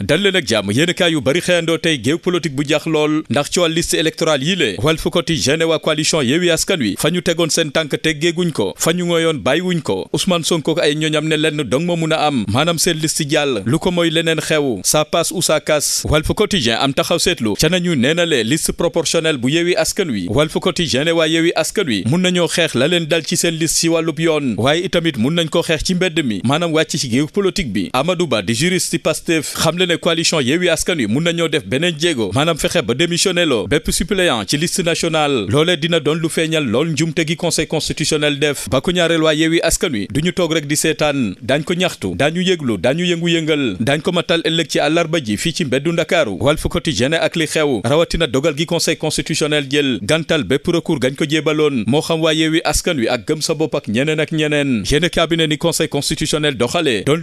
dal leen ak jàmm yéen kaay yu bari xëyandoo tey géew politique bu jaax lool ndax ci wàll liste électorale yii lée Walf Quotidien waa coalition Yewwi Askan Wi fa ñu tegoon seen tànk teggeeguñ ko fa ñu ngoyoon bàyyiwuñ ko Ousmane Sonko ay ñooñam ne lenn dong ma mun a am maanaam seen liste jàll lu ko mooy leneen xew ça passe ou ça casse Walf Quotidien am taxaw seetlu ca nañu nee na lee liste proportionnelle bu Yewwi Askan Wi Walf Quotidien waa Yewwi Askan Wi mun nañoo xeex la leen dal ci seen liste si wàllub yoon waaye itamit mun nañ ko xeex ci mbedd mi maanaam wàcc ci géew politique bi xam le ne coalition Yewwi Askan Wi mun nañoo def beneen jéego maanaam fexe ba démissionné loo bépp suppléant ci liste nationale loolee dina doon lu feeñal lool njumte gi conseil constitutionnel def ba ko ñaareel waa Yewwi Askan Wi du ñu toog rek di seetaan daañ ko ñaxtu daañu yëglu daañu yëngu-yëngal daañ ko matal ëllëg ci àllarba ji fii ci mbeddu Ndakaaru Walf Quotidien ak li xew rawatina dogal gi conseil constitutionnel jël gàntal bépp recours gañ ko jéebaloon moo xam waa Yewwi Askan Wi sa bopp ak ñeneen ñeneen yéen cabinet ni conseil constitutionnel doxalee doon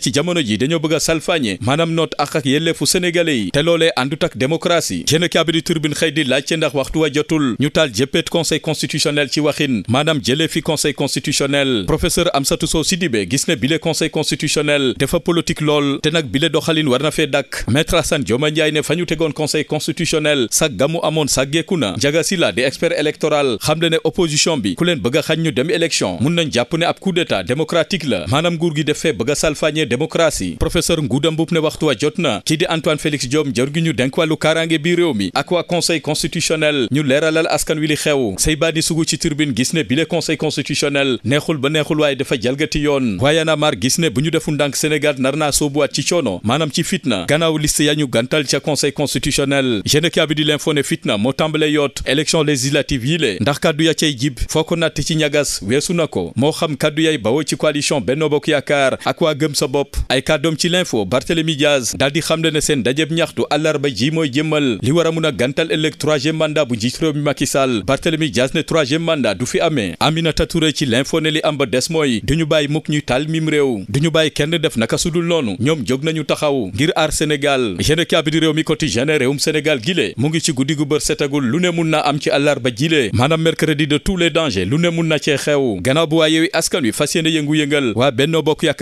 ci jamono ji dañoo bëgg a salfaañe maanaam noot ak ak yelleefu sénégalais yi te loolee àndut ak démocratie yéen a kaabidi turbine xëy di laajte ndax waxtu wa jotul ñu taal jëppeet conseil constitutionnel ci waxin maanaam jëlee fi conseil constitutionnel professeur Amsatou Sow Sidibé gis ne bile conseil constitutionnel dafa politique lool te nag bile doxalin war na fee dàkk maître Assane Dioma ne fa ñu tegoon conseil constitutionnel sag gamu amoon saggeeku na Ndiaga Sylla di expert xam le ne opposition bi ku leen bëgg xañ ñu dem élection mun nañ jàpp ne ab coup d'état démocratique la a wa jot na kii neexul ba neexul waaye dafa jalgati yoon waayaana maar gis ne bu ñu deful ndànk Sénégal nar soobuwaat ci coono maanaam ci fitna gannaaw liste ya ñu gàntal ca conseil constitutionnel genekaa bi di l'info ne fitna moo tàmbale yoot élection législative yi le ndax kàddu ya cay jib foo ko natt ci ñagas weesu na ko moo xam kàddu yay bawoo ci coalition Benno Bokk Yaakaar ak waa gëm sa bopp ay kàddoom ci l'info Barthélémy Diaz daal di ne seen dajeb ñaxtu àllarba ji mooy jëmmal li war a mun a gàntal ëllëg troisième mandat bu njiit réew mi Macky Sall Barthélémy ne troisième mandat du fi amee Aminata Touré ci l'info ne li am ba des mooy du ñu bàyyi mukk ñuy taal réew du ñu bàyyi kenn def naka sudul noonu ñoom jóg nañu taxaw ngir aar Sénégal yéen kaabi réew mi quotidien réewum Sénégal gile mu ngi ci guddi gu setagul lu ne mun naa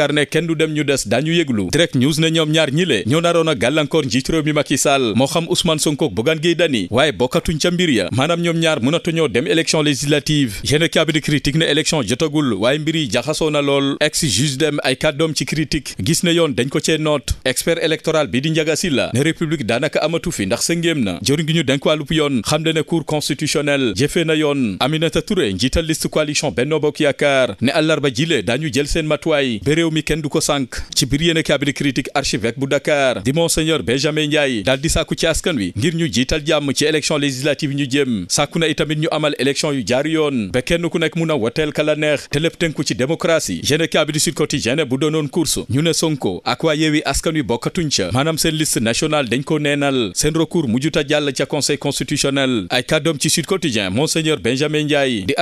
na ñu des daañu yëglu direct news ne ñoom ñaar ñile ñoo naroon a gàllankoor njiit réew mi Macky Sall moo xam Ousmane Sonko ak Bougane Gueye Dany waaye bokkatuñ ca mbir ya maanaam ñoom ñaar mënatuñoo dem élection législative yéen kaa critique ne élection jotagul waaye mbir yi lool ex juge dem ay kàddoom ci critique gis ne yoon dañ ko cee noot expert électoral bi di Ndiaga Sylla ne république daanaka amatu fi ndax sëngéem na jëriñ gi ñu denk yoon xam tënk ci biir yéenekaay bi di critique archevêque bu Dakar di monseigneur Benjamin Ndiaye daal di sàkku ci askan wi ngir ñu jiital jàmm ci élection législative ñu jëm sàkku na itamit ñu amal élection yu jaar yoon ba kenn ku nekk mun a woteel ka la neex te lépp tënku ci démocratie yéenekaay bi di Sud Quotidien bu doonoon course ñu ne Sonko ak waa Yewwi Askan Wi bokkatuñ ca maanaam seen liste nationale dañ ko neenal seen recours mujjuta jàll ca conseil constitutionnel ay kàddoom ci Sud Quotidien monseigneur Benjamin Ndiaye di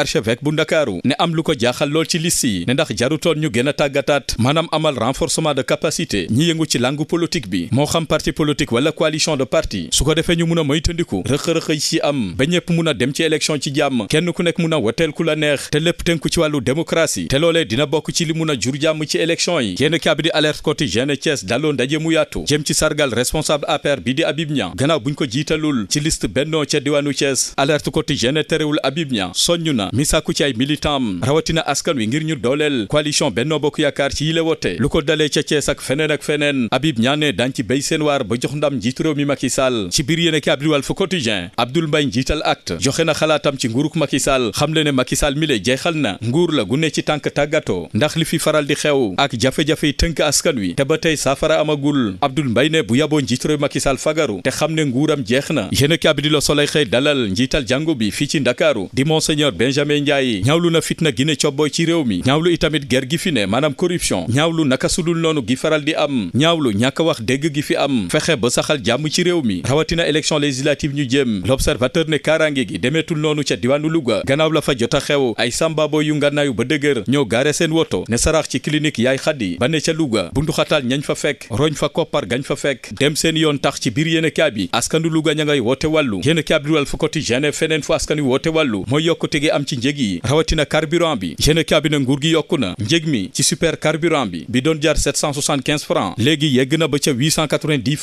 am lu ko jaaxal lool ci liste yi ne ndax jarutoon ñu gën a tàggataat maanaam amal renforcement de capacité ñi yëngu ci langue politique bi moo xam parti politique wala coalition de parti su ko defee ñu mun a moytandiku rëq-rëq yi ci am ba ñëpp mun a dem ci élection ci jàmm kenn ku nekk mun a woteel ku la neex te lépp tënku ci wàllu démocratie te loolee dina bokk ci li mun a jur jàmm ci élection yi yéen kaa bi di alerte quotidien Thiès daloo ndaje mu yaatu jëm ci sargal responsable APR bi di Habib Niang gannaaw buñ ko jiitalul dalee ca Thiès ak feneen ak feneen Habib Niane daan ci béy waar ba jox ndam njiitu réew mi Macky Sall ci biir yéene ki Abdou Walf Quotidien Abdoul Mbaye njiital acte joxe na xalaatam ci nguuruk Macky Sall xam le ne Macky Sall mi le jeexal na nguur la gu ne ci tànk tàggatoo ndax li fi faral di xew ak jafe-jafe tënk askan wi te ba tey saafara amagul Abdoul mbay ne bu yaboo njiitu réew Macky fagaru te xam ne nguuram jeex na yéene ki Abdou Le xëy dalal njiital jàngu bi fii ci Ndakaaru di Monseigneur Benjamin Ndiaye ñaawlu na fitna gi ne cobboy ci réew mi ñaawlu itamit ger gi fi ne maanaam corruption sudul noonu gi faral di am ñaawlu ñàkk wax dégg gi fi am fexe ba saxal jàmm ci réew mi rawatina élection législative ñu jëm l'observateur ne kaaraange gi demeetul noonu ca diwaanu Louga gannaaw la fa jot xew ay sambabo yu ngannaayu ba dëgër ñoo gaare seen woto ne sarax ci clinique yaay xaddi ba ne ca Louga bundu xataal ñañ fa fekk roñ fa koppar gañ fa fekk dem seen yoon tax ci biir yéen kaab yi askanu Louga ña ngay woote wàllu yéen kaab di wal fa koti gene feneen fu askan wi woote wàllu mooy yokkute gi am ci njëg yi rawatina carburant bi yéen kaab bi na gi yokku na njëg mi ci super carburant bi jar 775 francs léegi yegg na ba ca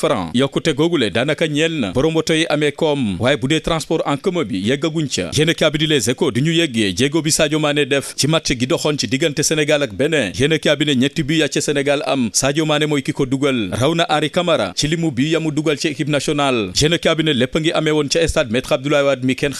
francs yokkute googule daanaka ñeel na borom oto yi amee koom waaye bu dee transport en commun bi yeggaguñ ca yéene kaa bi di di ñu yeggee jéego bi Sadio Mané def ci match gi doxoon ci diggante Sénégal ak Bénin yéene kaa ne ñetti bi ya ca Sénégal am Sadio Mané mooy ki ko dugal raw na Henri Camara ci limu bi yamu dugal ci équipe nationale yéene kaa ne lépp a ngi amee woon ca stade Maître Abdoulaye Wade mi kenn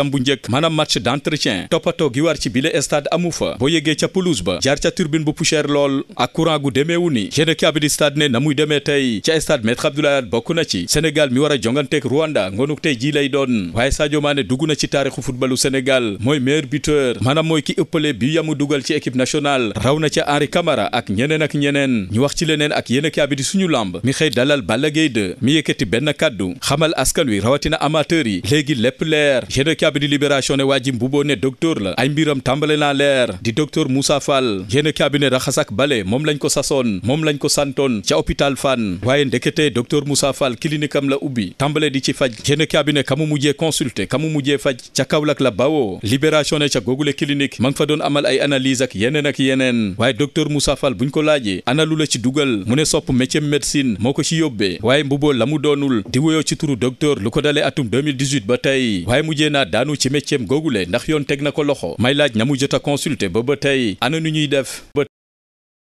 sam bu njëkk maanaam match d'entretien toppatoo gi war ci bile stade amu fa boo yegee ca pelouse ba jaar ca turbine bu poussière lool ak courant gu demeewu ni géne ki abidi stade ne na muy demee tey ca stade Maître Abdoulaye Wade bokk na ci Sénégal mi war a jonganteeg Rwanda ngoonuk tey ji lay doon waaye Sadio Mané dugg na ci taarixu footballu Sénégal mooy meilleur buteur maanaam mooy ki ëppale bi yamu dugal ci équipe nationale raw na ca Henri Camara ak ñeneen ak ñeneen ñu wax ci leneen ak yéen a ki abidi suñu lamb mi xëy dalal Balla Gaye 2 mi yëkkati benn kàddu xamal askan wi rawatina amateur yi léegi lépp yéenekaay bi di libération ne waa ji mbubboo ne docteur la ay mbiram tàmbale naa leer di docteur Moussa Fall yéenekaay bi ne raxas ak bale moom lañ ko sasoon moom lañ ko santoon ca hôpital Fann waaye ndekete docteur Moussa Fall clinique la ubbi tàmbale di ci faj yéenekaay bi kamu mujjee consulter kamu mujjee faj ca Kaolack la bawoo libération ne ca googule clinique ma fa doon amal ay analyse yeneen ak yeneen waaye docteur Moussa Fall buñ ko laajee ana la ci dugal mu ne sopp métier médecine moo ko daanu ci mecceem googu ndax yoon teg na ko loxo may laaj mu jot a consulter ba ba tey ana nu ñuy def